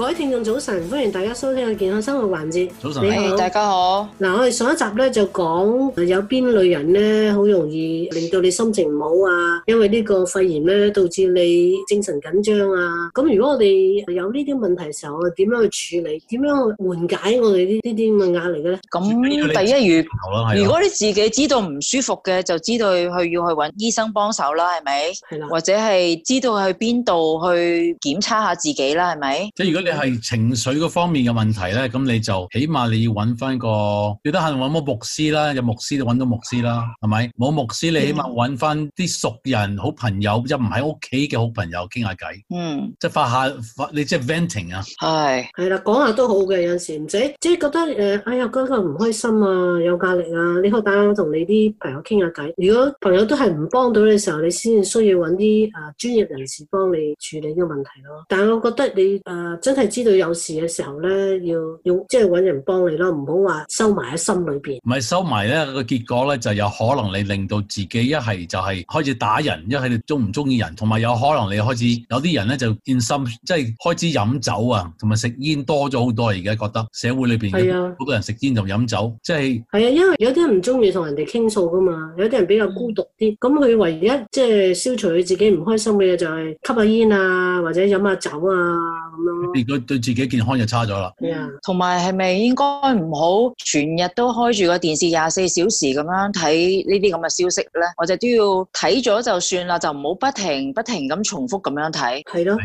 各位聽眾早晨，歡迎大家收聽下健康生活環節。早晨上，你好大家好。嗱，我哋上一集咧就講有邊類人咧，好容易令到你心情唔好啊，因為呢個肺炎咧導致你精神緊張啊。咁如果我哋有呢啲問題嘅時候，我哋點樣去處理？點樣去緩解我哋呢呢啲咁嘅壓力嘅咧？咁第一月，如果你自己知道唔舒服嘅，就知道去要去揾醫生幫手啦，係咪？係啦的。或者係知道去邊度去檢查下自己啦，係咪？即如果你。係情緒嗰方面嘅問題咧，咁你就起碼你要揾翻個，你得閒揾個牧師啦，有牧師就揾到牧師啦，係咪？冇牧師你起碼揾翻啲熟人、好朋友，又唔喺屋企嘅好朋友傾下偈。嗯，即係發下發，你即係 venting 啊，係係啦，講下都好嘅，有時唔使，即係覺得誒，哎呀，嗰個唔開心啊，有壓力啊，你可以打同你啲朋友傾下偈。如果朋友都係唔幫到你嘅時候，你先需要揾啲誒專業人士幫你處理呢個問題咯、啊。但係我覺得你誒、呃、真係係知道有事嘅時候咧，要要即係搵人幫你咯，唔好話收埋喺心裏邊。唔係收埋咧，個結果咧就有可能你令到自己一係就係開始打人，一係你中唔中意人，同埋有，有可能你開始有啲人咧就心即係開始飲酒啊，同埋食煙多咗好多。而家覺得社會裏邊係啊，好多人食煙就飲酒，即係係啊，因為有啲人唔中意同人哋傾訴噶嘛，有啲人比較孤獨啲，咁佢唯一即係消除佢自己唔開心嘅嘢就係吸下煙啊，或者飲下酒啊。如果對自己健康就差咗啦，同埋係咪應該唔好全日都開住個電視廿四小時咁樣睇呢啲咁嘅消息咧？或者都要睇咗就算啦，就唔好不停不停咁重複咁樣睇。係咯，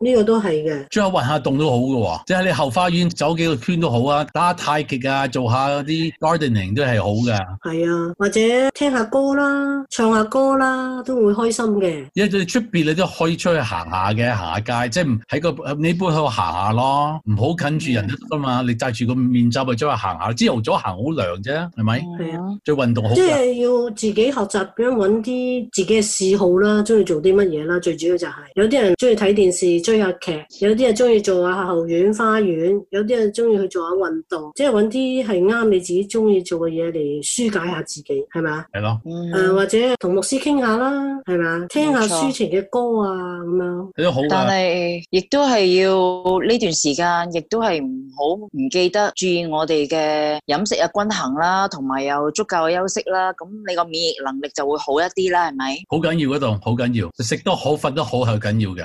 呢個都係嘅。出去運下動都好㗎喎，即係你後花園走幾個圈都好啊，打下太極啊，做下啲 gardening 都係好嘅。係啊，或者聽下歌啦，唱下歌啦，都會開心嘅。因為出邊你都可以出去行下嘅，行下街，即係喺個一般喺度行下咯，唔好近住人都得啊嘛！嗯、你戴住個面罩咪再行下，朝頭早行好涼啫，係咪？係、嗯、啊，做運動好。即係要自己學習，咁樣搵啲自己嘅嗜好啦，中意做啲乜嘢啦。最主要就係、是、有啲人中意睇電視追下劇，有啲人中意做下後院花園，有啲人中意去做下運動，即係搵啲係啱你自己中意做嘅嘢嚟紓解下自己，係咪啊？係咯、嗯，誒、呃、或者同牧師傾下啦，係咪？聽下抒情嘅歌啊，咁樣。咁都好。但係亦都係要。要呢段時間，亦都係唔好唔記得注意我哋嘅飲食啊，均衡啦，同埋有足夠休息啦。咁你個免疫能力就會好一啲啦，係咪？好緊要嗰度，好緊要，食得好，瞓得好係緊要嘅，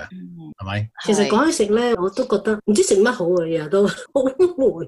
係咪？其實講起食咧，我都覺得唔知食乜好啊，日日都好悶。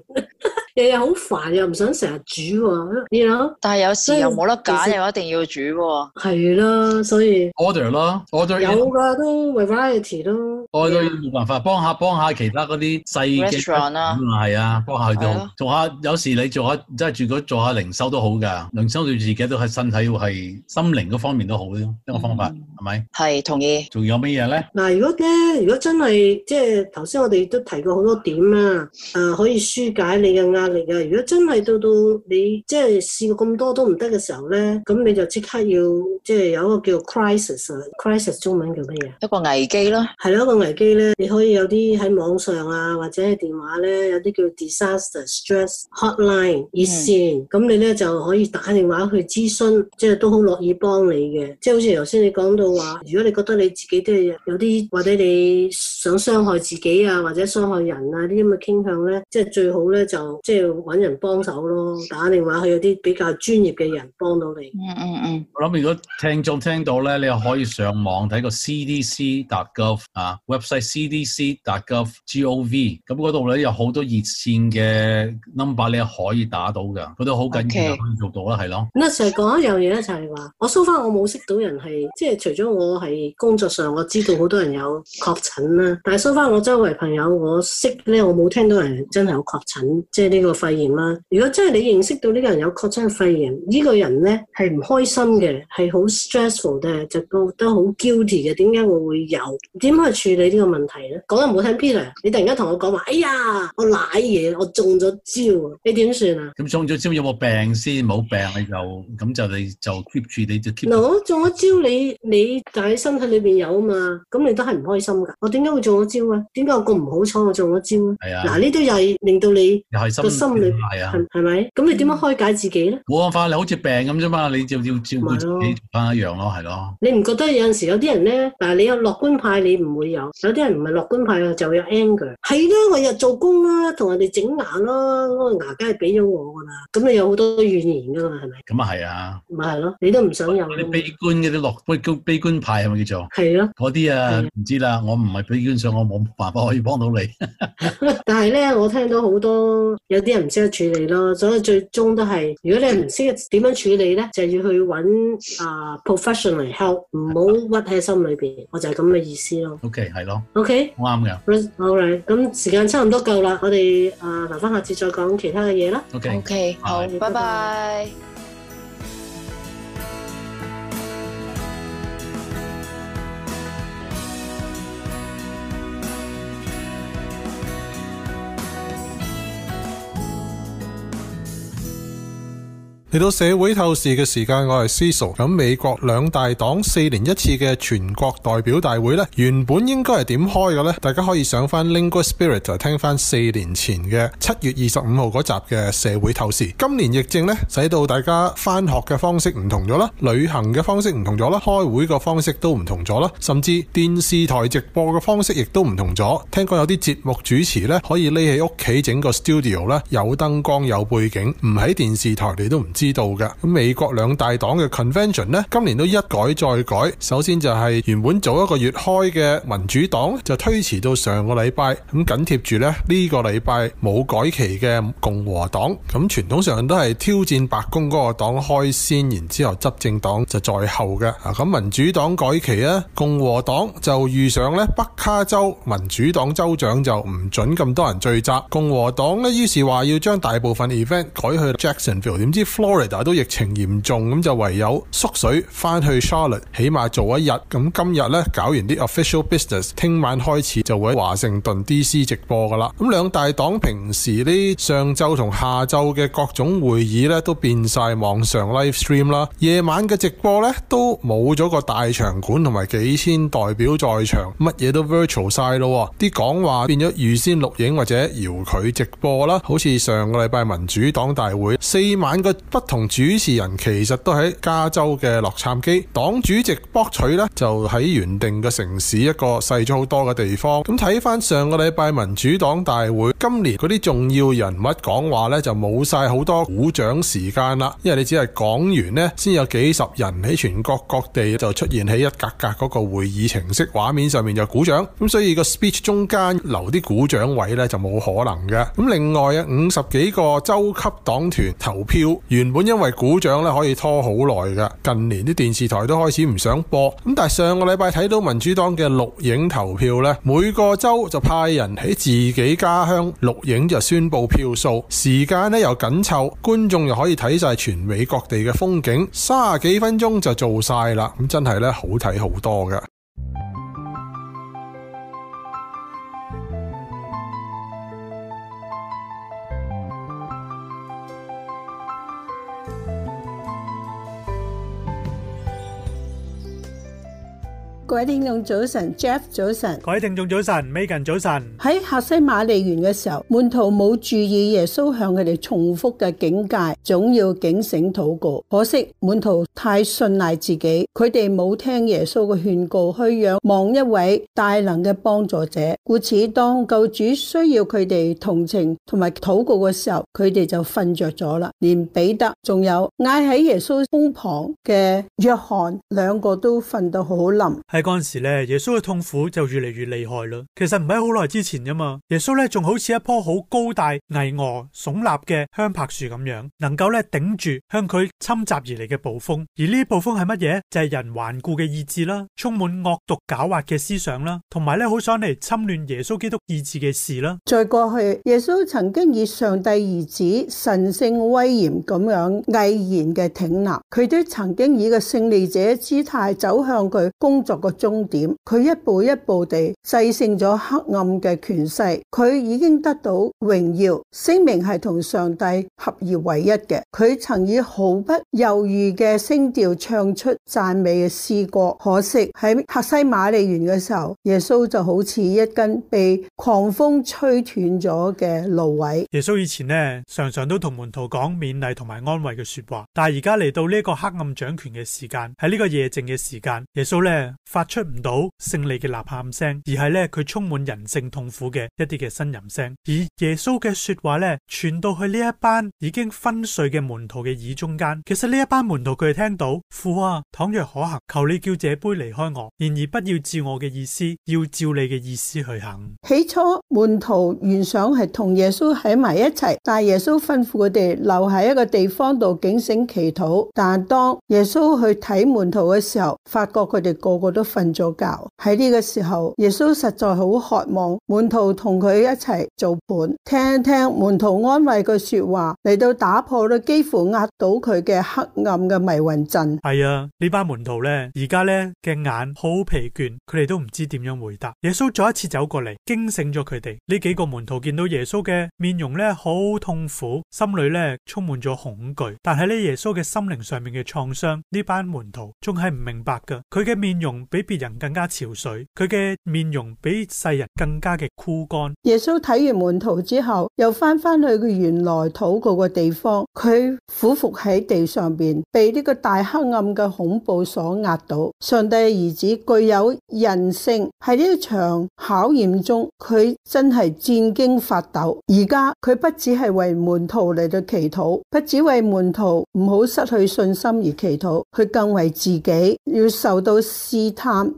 日日好煩，又唔想成日煮喎，但係有時又冇得揀，又一定要煮喎。係咯，所以 order 啦，order 有噶都 variety 咯。order 冇辦法，幫下幫下其他嗰啲細嘅 restaurant 啦，咁啊係啊，幫下佢都做下。有時你做下即係如果做下零售都好噶，零售對自己都係身體要係心靈嗰方面都好咯，一個方法係咪？係同意。仲有咩嘢咧？嗱，如果咧，如果真係即係頭先我哋都提過好多點啊，誒可以舒解你嘅壓壓力啊，如果真係到到你即係試過咁多都唔得嘅時候咧，咁你就即刻要即係有一個叫 crisis，crisis 中文叫咩嘢？一個危機咯，係咯，一個危機咧，你可以有啲喺網上啊，或者係電話咧，有啲叫 disaster stress hotline 熱、嗯、線，咁你咧就可以打電話去諮詢，即係都好樂意幫你嘅。即係好似頭先你講到話，如果你覺得你自己都有啲或者你想傷害自己啊，或者傷害人啊啲咁嘅傾向咧，即係最好咧就。即係揾人幫手咯，打電話去有啲比較專業嘅人幫到你。嗯嗯嗯。嗯，我諗如果聽眾聽到咧，你可以上網睇個 CDC.gov 啊，website CDC.gov.gov，咁嗰度咧有好多熱線嘅 number，你可以打到㗎。佢都好緊要，可以做到啦，係咯。嗱，成日講一樣嘢咧，就係話，我搜、so、翻我冇識到人係，即、就、係、是、除咗我係工作上我知道好多人有確診啦，但係搜翻我周圍朋友我，我識咧，我冇聽到人真係有確診，即係啲。呢個肺炎啦、啊，如果真係你認識到呢個人有確診嘅肺炎，呢、這個人咧係唔開心嘅，係好 stressful 嘅，就覺得好 guilty 嘅。點解我會有？點去處理呢個問題咧？講得唔好聽，Peter，你突然間同我講話，哎呀，我瀨嘢，我中咗招、啊、招、招，你點算啊？咁中咗招有冇病先？冇病你就咁就你就 keep 住，你就 keep。我中咗招，你你就喺身體裏邊有啊嘛？咁你都係唔開心噶。我點解會中咗招啊？點解我咁唔好彩我中咗招啊？係啊。嗱，呢啲又係令到你開心。心理係啊，係咪？咁你點樣開解自己咧？冇辦法，你好似病咁啫嘛，你就要照顧自己翻、啊、一樣咯，係咯、啊。你唔覺得有陣時有啲人咧？嗱，你有樂觀派，你唔會有；有啲人唔係樂觀派，就有 anger。係咯、啊，我日做工啦、啊，同人哋整牙咯，嗰、嗰個牙梗係俾咗我噶啦。咁你有好多怨言噶嘛？係咪？咁啊係啊，咪係咯？你都唔想有。你悲觀嗰啲樂觀悲觀派係咪叫做？係咯，嗰啲啊，唔、啊啊、知啦。我唔係悲觀上，我冇辦法可以幫到你。 但係咧，我聽到好多有。啲人唔識得處理咯，所以最終都係，如果你係唔識點樣處理咧，就要去揾啊、呃、professional help，唔好屈喺心裏邊，我就係咁嘅意思咯。OK，係咯。OK，好啱嘅。Alright，咁時間差唔多夠啦，我哋啊、呃，留翻下次再講其他嘅嘢啦。OK，okay。好，拜拜。嚟到社會透視嘅時間，我係思。咁美國兩大黨四年一次嘅全國代表大會呢，原本應該係點開嘅呢？大家可以上翻 Lingua Spirit 嚟聽翻四年前嘅七月二十五號嗰集嘅社會透視。今年疫症呢，使到大家翻學嘅方式唔同咗啦，旅行嘅方式唔同咗啦，開會嘅方式都唔同咗啦，甚至電視台直播嘅方式亦都唔同咗。聽講有啲節目主持呢，可以匿喺屋企整個 studio 啦，有燈光有背景，唔喺電視台你都唔知。知道嘅。咁美國兩大黨嘅 convention 呢，今年都一改再改。首先就係原本早一個月開嘅民主黨就推遲到上個禮拜。咁緊貼住呢，呢個禮拜冇改期嘅共和黨。咁傳統上都係挑戰白宮嗰個黨開先，然之後執政黨就在後嘅。啊，咁民主黨改期啊，共和黨就遇上呢，北卡州民主黨州長就唔準咁多人聚集，共和黨呢於是話要將大部分 event 改去 Jacksonville，點知 flo Florida 都疫情嚴重，咁就唯有縮水翻去 Charlotte，起碼做一日。咁今日咧搞完啲 official business，聽晚開始就會喺華盛頓 DC 直播噶啦。咁兩大黨平時呢上晝同下晝嘅各種會議咧，都變晒網上 live stream 啦。夜晚嘅直播咧都冇咗個大場館同埋幾千代表在場，乜嘢都 virtual 晒咯。啲講話變咗預先錄影或者遙距直播啦，好似上個禮拜民主黨大會四晚個同主持人其實都喺加州嘅洛杉磯，黨主席博取咧就喺原定嘅城市一個細咗好多嘅地方。咁睇翻上個禮拜民主黨大會，今年嗰啲重要人物講話咧就冇晒好多鼓掌時間啦，因為你只係講完咧，先有幾十人喺全國各地就出現喺一格格嗰個會議程式畫面上面就鼓掌。咁所以個 speech 中間留啲鼓掌位咧就冇可能嘅。咁另外啊，五十幾個州級黨團投票本因為鼓掌咧可以拖好耐㗎，近年啲電視台都開始唔想播，咁但係上個禮拜睇到民主黨嘅錄影投票咧，每個州就派人喺自己家鄉錄影就宣布票數，時間咧又緊湊，觀眾又可以睇晒全美各地嘅風景，三十幾分鐘就做晒啦，咁真係咧好睇好多㗎。各位聽眾早晨，Jeff 早晨，各位聽眾早晨，Megan 早晨。喺客西馬尼園嘅時候，門徒冇注意耶穌向佢哋重複嘅警戒，總要警醒禱告。可惜門徒太信賴自己，佢哋冇聽耶穌嘅勸告，去仰望一位大能嘅幫助者。故此，當救主需要佢哋同情同埋禱告嘅時候，佢哋就瞓着咗啦。連彼得仲有挨喺耶穌胸旁嘅約翰，兩個都瞓到好冧。嗰陣時咧，耶穌嘅痛苦就越嚟越厲害啦。其實唔係好耐之前咋嘛，耶穌咧仲好似一棵好高大巍峨聳立嘅香柏樹咁樣，能夠咧頂住向佢侵襲而嚟嘅暴風。而呢暴風係乜嘢？就係人頑固嘅意志啦，充滿惡毒狡猾嘅思想啦，同埋咧好想嚟侵亂耶穌基督意志嘅事啦。在過去，耶穌曾經以上帝兒子神聖威嚴咁樣毅然嘅挺立，佢都曾經以個勝利者姿態走向佢工作嘅。終點，佢一步一步地制勝咗黑暗嘅權勢，佢已經得到榮耀，聲明係同上帝合而為一嘅。佢曾以毫不猶豫嘅聲調唱出讚美嘅詩歌。可惜喺客西馬尼園嘅時候，耶穌就好似一根被狂風吹斷咗嘅蘆葦。耶穌以前呢，常常都同門徒講勉勵同埋安慰嘅說話，但係而家嚟到呢個黑暗掌權嘅時間，喺呢個夜靜嘅時間，耶穌呢發。發出唔到勝利嘅吶喊聲，而係咧佢充滿人性痛苦嘅一啲嘅呻吟聲。而耶穌嘅說話咧傳到去呢一班已經昏睡嘅門徒嘅耳中間。其實呢一班門徒佢哋聽到父啊，倘若可行，求你叫這杯離開我，然而不要照我嘅意思，要照你嘅意思去行。起初門徒原想係同耶穌喺埋一齊，但耶穌吩咐佢哋留喺一個地方度警醒祈禱。但當耶穌去睇門徒嘅時候，發覺佢哋個個都。瞓咗覺。喺呢個時候，耶穌實在好渴望門徒同佢一齊做伴，聽一聽門徒安慰佢說話，嚟到打破咗幾乎壓倒佢嘅黑暗嘅迷魂陣。係啊，呢班門徒呢，而家呢，嘅眼好疲倦，佢哋都唔知點樣回答。耶穌再一次走過嚟，驚醒咗佢哋。呢幾個門徒見到耶穌嘅面容咧，好痛苦，心裏咧充滿咗恐懼。但係呢，耶穌嘅心靈上面嘅創傷，呢班門徒仲係唔明白噶，佢嘅面容比別人更加憔悴，佢嘅面容比世人更加嘅枯乾。耶穌睇完門徒之後，又返返去佢原來禱告嘅地方，佢俯伏喺地上邊，被呢個大黑暗嘅恐怖所壓倒。上帝嘅兒子具有人性，喺呢一場考驗中，佢真係戰兢發抖。而家佢不只係為門徒嚟到祈禱，不只為門徒唔好失去信心而祈禱，佢更為自己要受到試。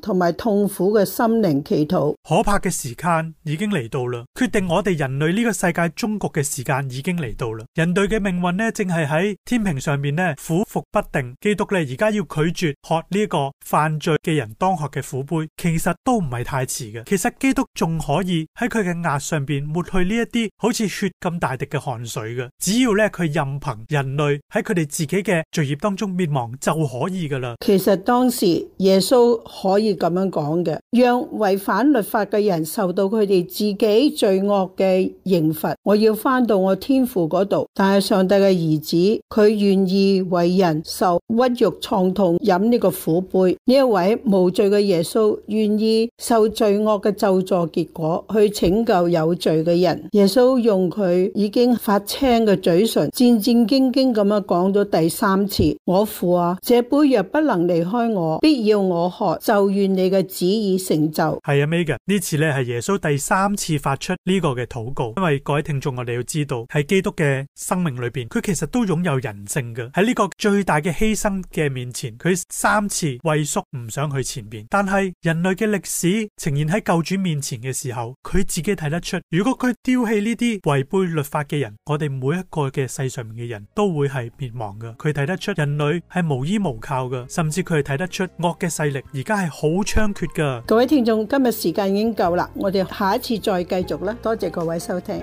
同埋痛苦嘅心靈祈禱，可怕嘅時間已經嚟到啦！決定我哋人類呢個世界終局嘅時間已經嚟到啦！人類嘅命運呢，正係喺天平上面呢，苦伏不定。基督呢，而家要拒絕喝呢個犯罪嘅人當喝嘅苦杯，其實都唔係太遲嘅。其實基督仲可以喺佢嘅額上邊抹去呢一啲好似血咁大滴嘅汗水嘅，只要呢佢任憑人類喺佢哋自己嘅罪業當中滅亡就可以噶啦。其實當時耶穌。可以咁樣講嘅。讓違反律法嘅人受到佢哋自己罪惡嘅刑罰。我要返到我天父嗰度，但係上帝嘅兒子佢願意為人受屈辱、創痛、飲呢個苦杯。呢一位無罪嘅耶穌願意受罪惡嘅咒詛，結果去拯救有罪嘅人。耶穌用佢已經發青嘅嘴唇戰戰兢兢咁樣講咗第三次：我父啊，這杯若不能離開我，必要我喝，就願你嘅旨意。成就係啊，Mega 呢次咧係耶穌第三次發出呢個嘅禱告，因為各位聽眾，我哋要知道，喺基督嘅生命裏邊，佢其實都擁有人性嘅。喺呢個最大嘅犧牲嘅面前，佢三次畏縮唔想去前邊。但係人類嘅歷史，呈現喺救主面前嘅時候，佢自己睇得出，如果佢丟棄呢啲違背律法嘅人，我哋每一個嘅世上面嘅人都會係滅亡嘅。佢睇得出人類係無依無靠嘅，甚至佢係睇得出惡嘅勢力而家係好猖獗噶。各位聽眾，今日時間已經夠啦，我哋下一次再繼續啦，多謝各位收聽。